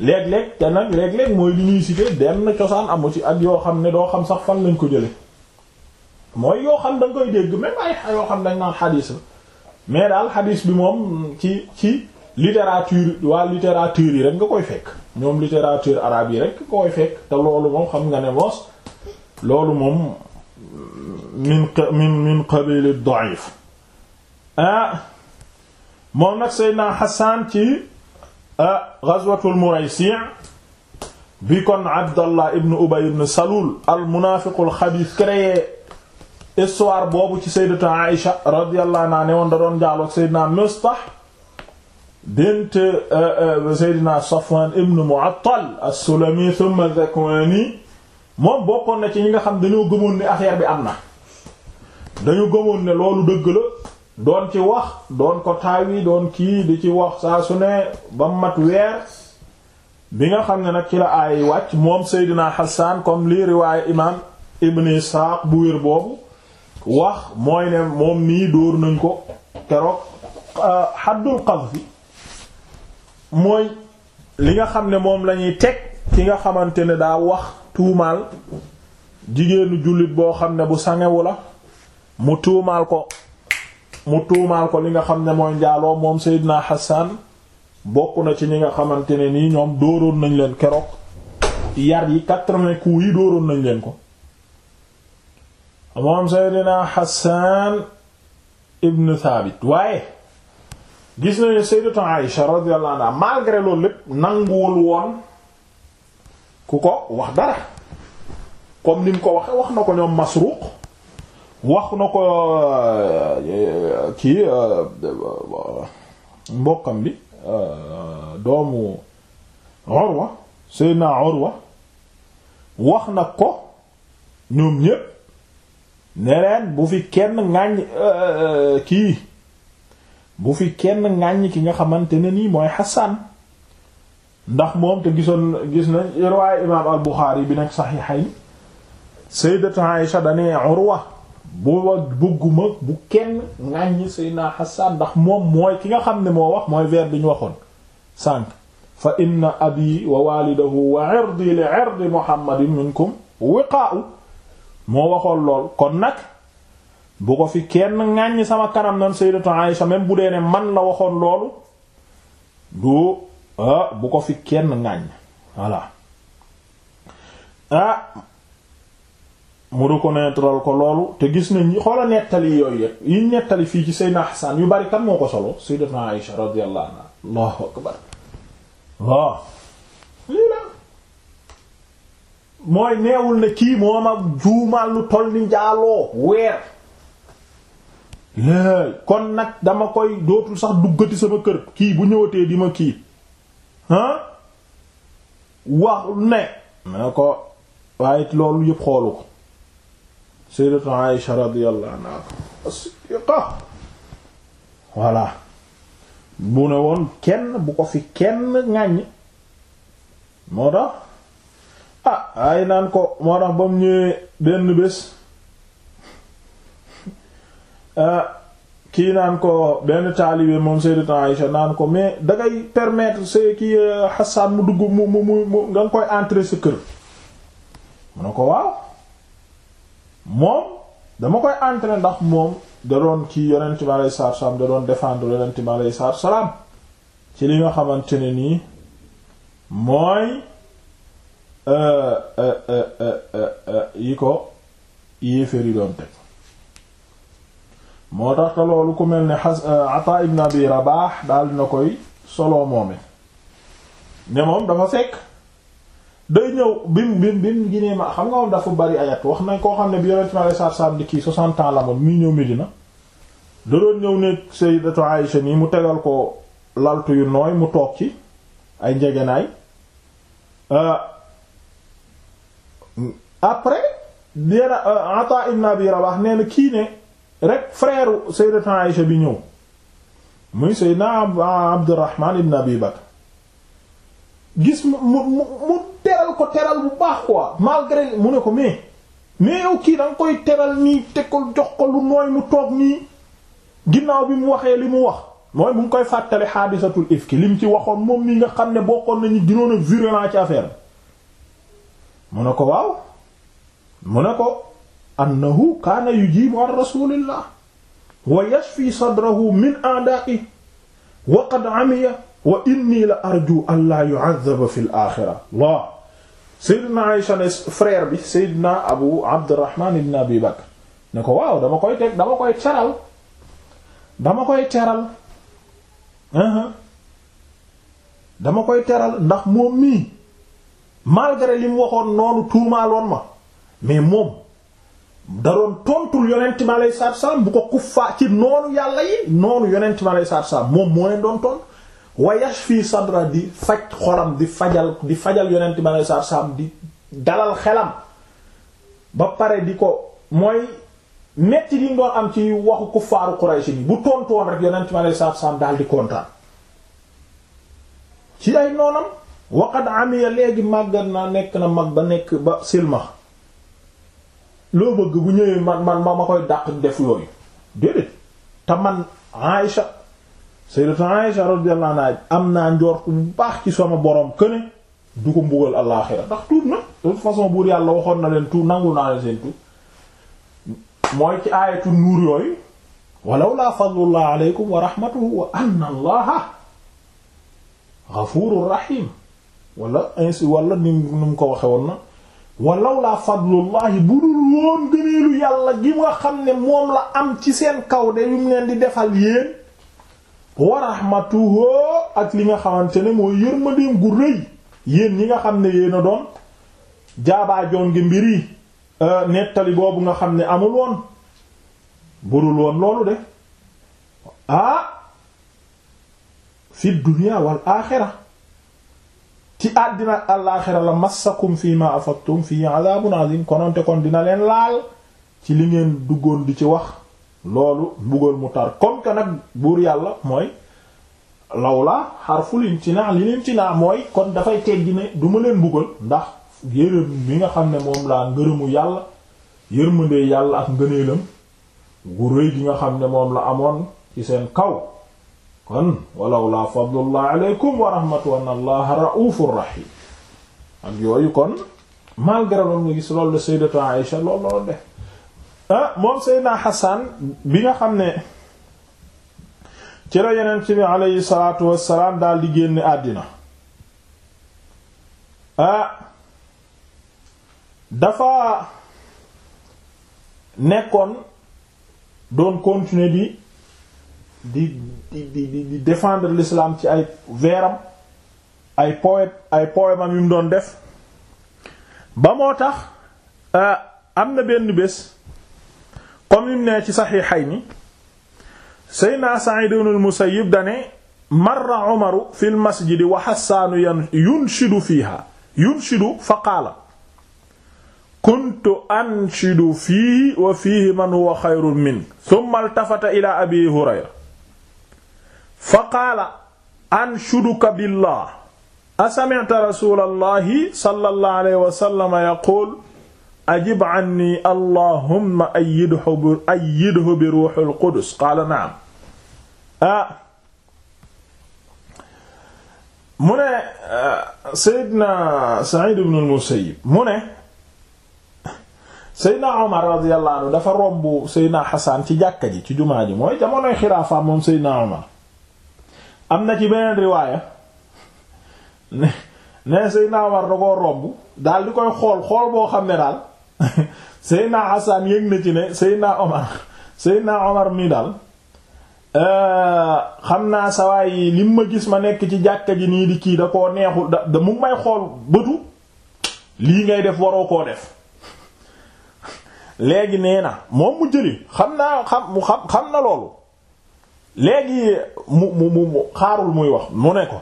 [SPEAKER 1] léeg-léeg te nag léeg-léeg mooy li ñuy cité benn cosaan amu ci ak yoo xam ne doo xam sax fan lañ ko jële mooy yoo xam dañ koy dégg même ay yoo xam dañ naan xadiis mais daal xadiis bi moom ci ci littérature waa littérature yi rek nga koy fekk ñoom littérature araab yi rek nga koy fekk te loolu moom xam nga ne moos loolu moom min min min qabili da'if ah moom nag Seydina Hassan ci ah, ghazwatul Muraysi' bi kon Abdallah ibn Ubay ibn Salul al munaafiqul xabiis créé histoire boobu ci Sayyidatu Aïsha radiyallahu anha ne woon da doon jaaloo ak Seydina Mustah bint eh, eh, Seydina Safwan ibn Mu'attal as-Sulami thumma Zakwani moom bokkoon na ci ñi nga xam dañoo gëmoon ne affaire bi am na dañu gëmoon ne loolu dëgg doon ci wax doon ko taawi doon kii di ci wax saa su ne ba mat weer bi nga xam ne nag ci la aay wàcc moom Seydina Hassan comme lii riwaaye imaam Ibn Isaaq bu wér boobu wax mooy ne moom nii dóor nañ ko keroog euh, xaddul qadfi mooy li nga xam ne moom lañuy teg ki nga xamante ne daa wax tuumaal jigéenu jullit boo xam ne bu sangewu la mu tuumaal ko mu tuumaal ko li nga xam ne mooy njaaloo moom Seydina Hassan bokk na ci ñi nga xamante ne nii ñoom dóoroon nañ leen keroog yar yi quatre-vingts coups yi dóoroon nañ leen ko moom Seydina Hassan ibn Thabit waaye gis nañu Sayyidatu Aïsha radiyallahu anha malgré loolu lépp nanguwul woon ku ko wax dara comme ni mu ko waxe wax na ko ñoom Masruq wax na ko euh, kii euh, mbokkam bi euh, doomu Urwa Seydina wax na ko ñoom ñépp ne leen bu fi kenn ŋàññ kii bu fi kenn ŋàññ ki nga xamante ne nii mooy Hassan ndax moom te gisoon gis nañ riwaaya imaam al Buxaari bi nag nekk Saxiixayn Sayyidatu Aysha dane Urwa bu wa bëgguma bu kenn ŋàññ Seydina Hassan ndax moom mooy ki nga xam ne moo wax mooy veer bi ñu waxoon sànq fa inna abi wa walidahu wa irdi li irdi muhammadin minkum wiqaa'u moo waxoon lool kon nag bu ko fi kenn ŋàññ sama kanam nan Sayyidatu Aisha même bu dee ne man la waxoon loolu du ah, bu ko fi kenn ŋàññ voilà ah mu reconnaître ko loolu te gis nañ xoola nettali yooyu yi nettali fii ci Seydina Hassan yu bari kan moo ko solo Sayyidatuna Aïsha radiyallahu anha Allahu akbar waaw lii la mooy neewul ne kii moom ak juumal lu toll ni njaaloo weer léegi kon nag dama koy dootul sax duggati sama kër kii bu ñëwatee di ma kii ah wax ne. ma ne ko waaye loolu yëpp xoolu sayyidatu Aïsha radiyallahu anha as-siddiqa voilà mu ne woon kenn bu ko fi kenn ŋàññ moo tax ah ay naan ko moo tax ba mu ñëwee benn bés ah, kii naan ko benn taalibe moom sayyidatu Aïsha naan ko mais dangay permettre c'est kii euh, Hassan mu dugg mu mu mu nga koy entrer sa kër mu ne ko waaw moom dama koy entraîner ndax moom da doon kii yonent bi aleyhi salaatu salaam da doon défendre yonent bi aleyhi salaam ci li nga xamante ne nii mooy euh, euh, euh, yi ko yéeféer yi doon teg moo tax te loolu ku mel ni xas Ataa ibn Abi Rabaah daal dina koy solo moome ne moom dafa fekk day ñëw bim bim bim ginee ma xam nga woon dafa bari ayat wax nañ koo xam ne bi yonent mi alayhi salaam di kii 60 ans la moom muy ñëw Medina da doon ñëw ne Sayyidatu Aïsha nii mu tegal ko laltu yu nooy mu toog ci ay njegenaay euh, après dina euh, Ata ibn Abi Rabah nee na kii ne rek frère Sayyidatu Aïsha bi ñëw muy Sayyidna Abdurrahman ibn Abi Bakr gis mu mu mu teral ko teral bu baax quoi malgré mu ne ko mais mais yow kii da koy teral nii te ko jox ko lu nooy mu toog nii ginnaaw bi mu waxee li mu wax mooy mu ngi koy fàttali xaadisatul ifki li mu ci waxoon moom mii nga xam ne bokkoon nañu ginoon a ci affaire mu ne ko waaw mu ne ko annahu kaana yujibu an rasulillah wa yashfi sadrahu min a'da'i wa qad amiya wa inni la arju waaw bi Seydina Abu Abdurrahman ibn Abi Bakr ko dama koy teg dama koy teral dama koy teral dama koy teral ndax moom mii malgré li mu waxoon noonu tuumaaloon ma mais moom da doon tontul yonent mi alayhi salaatu salaam bu ko kuffaa ci noonu yàlla yi noonu yonent mi alayhi salaatu salaam moom moo leen doon tontu. wa yashfi sadra di faj xolam di fajal di fajal yonent bi alei satu salaam di dalal xelam ba pare di ko mooy metti di am ci waxu kuffaaru Quraysh bi bu tontu woon rek yonent bi alei satu salaam daal di kontaan ci ay noonam waqad amiya léegi màggat naa nekk na mag ba nekk ba silmax loo bëgg bu ñëwee man man ma ma koy dàq def yooyu déedéet te man Aïcha sayyidatu Aisha radiyallahu anha am naa njort bu baax ci sama boroom këne du ko mbugal alaaxira ndax tuub na de toute façon buur yàlla waxoon na leen tuub nangu naa leen seen tuub mooy ci aayatu nuur yooyu walaw laa fadlullah aleykum wa rahmatuhu wa anna allaha ghafurur rahim wala ainsi ni nu mu ko waxe woon na walaw laa bu dul woon gëneelu yàlla gi nga xam ne moom la am ci seen kaw de yum leen di defal yéen wa rahmatuhu ak li nga xamante ne mooy yërmandeem gu rëy yéen ñi nga xam ne yéen a doon jaabaajoon ngi mbiri euh, nettali boobu nga xam ne amul woon burul woon loolu de ah fi dunya wal aaxira ci àddina ak alaaxira la massakum fii ma afattum fii adabun azim kononte kon dina leen laal ci li ngeen duggoon di ci wax loolu mbugal mu tar comme que nag buur yàlla mooy lawla xarful imtinaa lil imtinaa mooy kon dafay teggi ne du ma leen mbugal ndax yërëm bi nga xam ne moom laa ngërëmu yàlla yërmandee yàlla ak ngëneelam gu rëy gi nga xam ne moom la amoon ci seen kaw kon walawla fadlullah aleykum wa rahmatu an allah raufur rahim ak yooyu kon malgré loolu nga gis loolu la sayyidatu Aïsha loolu loolu def moom Seydina Hassan bi nga xam ne ci yeneen ci bi aleyhi salaatu wassalaam daal di génn àddina dafa nekkoon doon continuer di di di di di défendre ci ay veeram ay poète ay poème am doon def ba moo tax am na benn bés comme nim ne ci saxiixayni seydna Sa'id ibn al-Musayyib dane marra Umaru fi lmasjidi wa Hassaanu yunshidu fiiha yunshidu fa qaala kuntu anshidu fiihi wa fiihi man huwa xayrun min summa iltafata ila abi Hurayra fa qaala anshuduka billah asami'ta rasuulallahi sallallahu alayhi wa sallam yaquul ajib anni allahumma ayyidhu bi ayyidhu bi ruuhil qudus qaala na'am ah mu ne ah, Seydina Saïd ibn al-Musayyib mu ne Seydina Omar radiyallahu anhu dafa romb Seydina Xasan ci jàkka ji ci jumaa ji mooy jamonoy xilaafa moom Seydina Omar am na ci beneen riwaaya ne ne Seydina Omar da koo romb daal di koy xool xool boo xam ne daal Seydina Hassan yëg na ci ne Seydina Omar Seydina Omar mii daal euh, xam naa sawaay yi li ma gis ma nekk ci jàkka ji nii di kii da koo neexul da mu may xool bëtu lii ngay def waroo koo def léegi nee na moom mu jëli xam naa xam xam xam na loolu léegi mu mu mu xaarul muy wax mu ne ko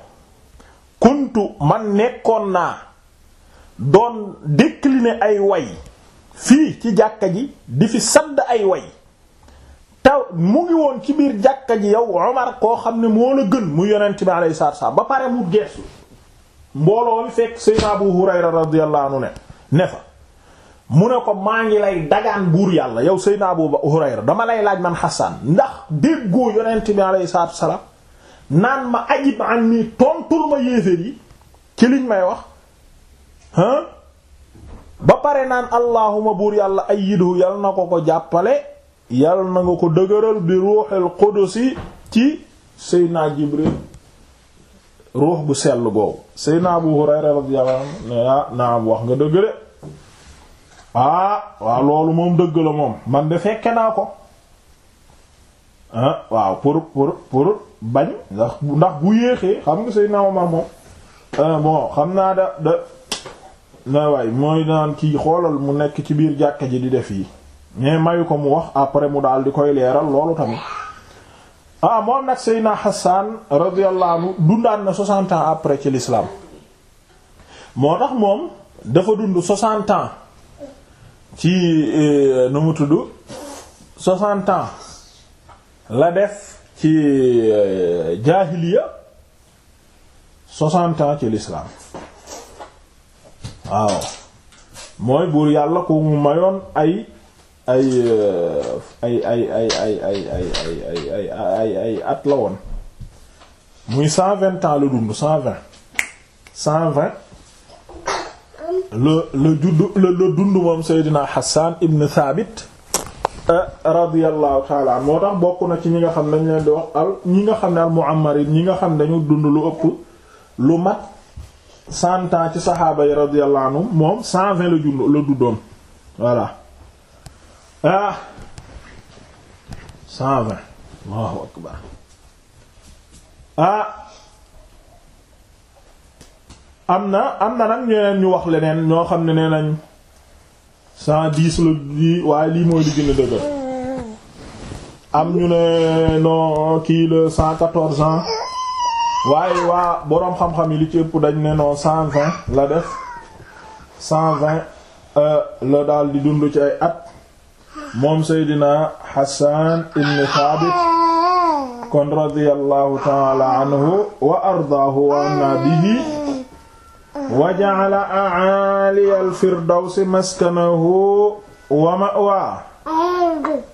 [SPEAKER 1] kuntu man nekkoon naa doon li ne ay way fii ci jàkka ji di fi sadd ay way taw mu ngi woon ci biir jàkka ji yow Omar koo xam ne moo la gën mu yonent bi alayhi salaatu salaam ba pare mu geesu mbooloo mi fekk Seydina Abu Hurayra radiyallahu ne ne fa mu ne ko maa ngi lay dagaan buur yàlla yow Seydina Abu Hurayra dama lay laaj man Hassan ndax déggoo yonent bi alayhi salaatu salaam naan ma ajib an nii tontul ma yéeféer yi ci liñ may wax ba pare naan allahuma buur yàlla ay ayyidu yal na ko ko jàppale yal na nga ko dëgëral bi ruuxil qudusi ci seydna jibril ruux bu sell boobu seydna abu hurayra radiyallahu anhu ne ah, naam wax nga dëgg de ah loolu moom dëgg la moom man de fekke naa ko ah waaw pour pour pour bañ ndax ndax bu yéexee xam nga seydna omar moom ah, bon xam naa da da na waay mooy naan kii xoolal mu nekk ci biir jàkka ji di def yi mais mayu ko mu wax après mu daal di koy leeral loolu tamit ah moom nag Seydina Hassan radiyallahu anhu dundaan na 60 ans après ci lislaam moo tax moom dafa dund 60 ans ci euh, nu mu tudd 60 ans la def ci euh, jaahiliya 60 ans ci l'islam waaw mooy buur yàlla ko mu mayoon ay ay ay ay ay ay ay ay ay ay at la woon muy cent vingt ans la dund la la judd la dund moom Seydina Hassan ibn Thabit radiyallahu taala moo tax bokk na ci ñi nga xam ne dañ leen di wax al ñi nga xam ne al mu'ammarin ñi nga xam ne dañu dund lu ëpp lu mat cent ci saxaaba yi radiyallahu anhum moom cent vingt la jund la duddoon voilà ah ah am na am na nag ñeneen ñu wax leneen ñoo xam ne nee nañ cent dix la lii waaye lii mooy li gën dëgër am ñu ne non kii la cent quatorze ans waaye waa boroom xam-xam yi li ci ëpp dañ ne non cent la def cent euh, la daal di dund ci ay at moom Seydina Hassan ibn Thabit kon radiyallahu ta'ala anhu wa ardaahu wa anna bihi wa ja'ala a'ali al-firdawsi maskanahu wa ma'waahu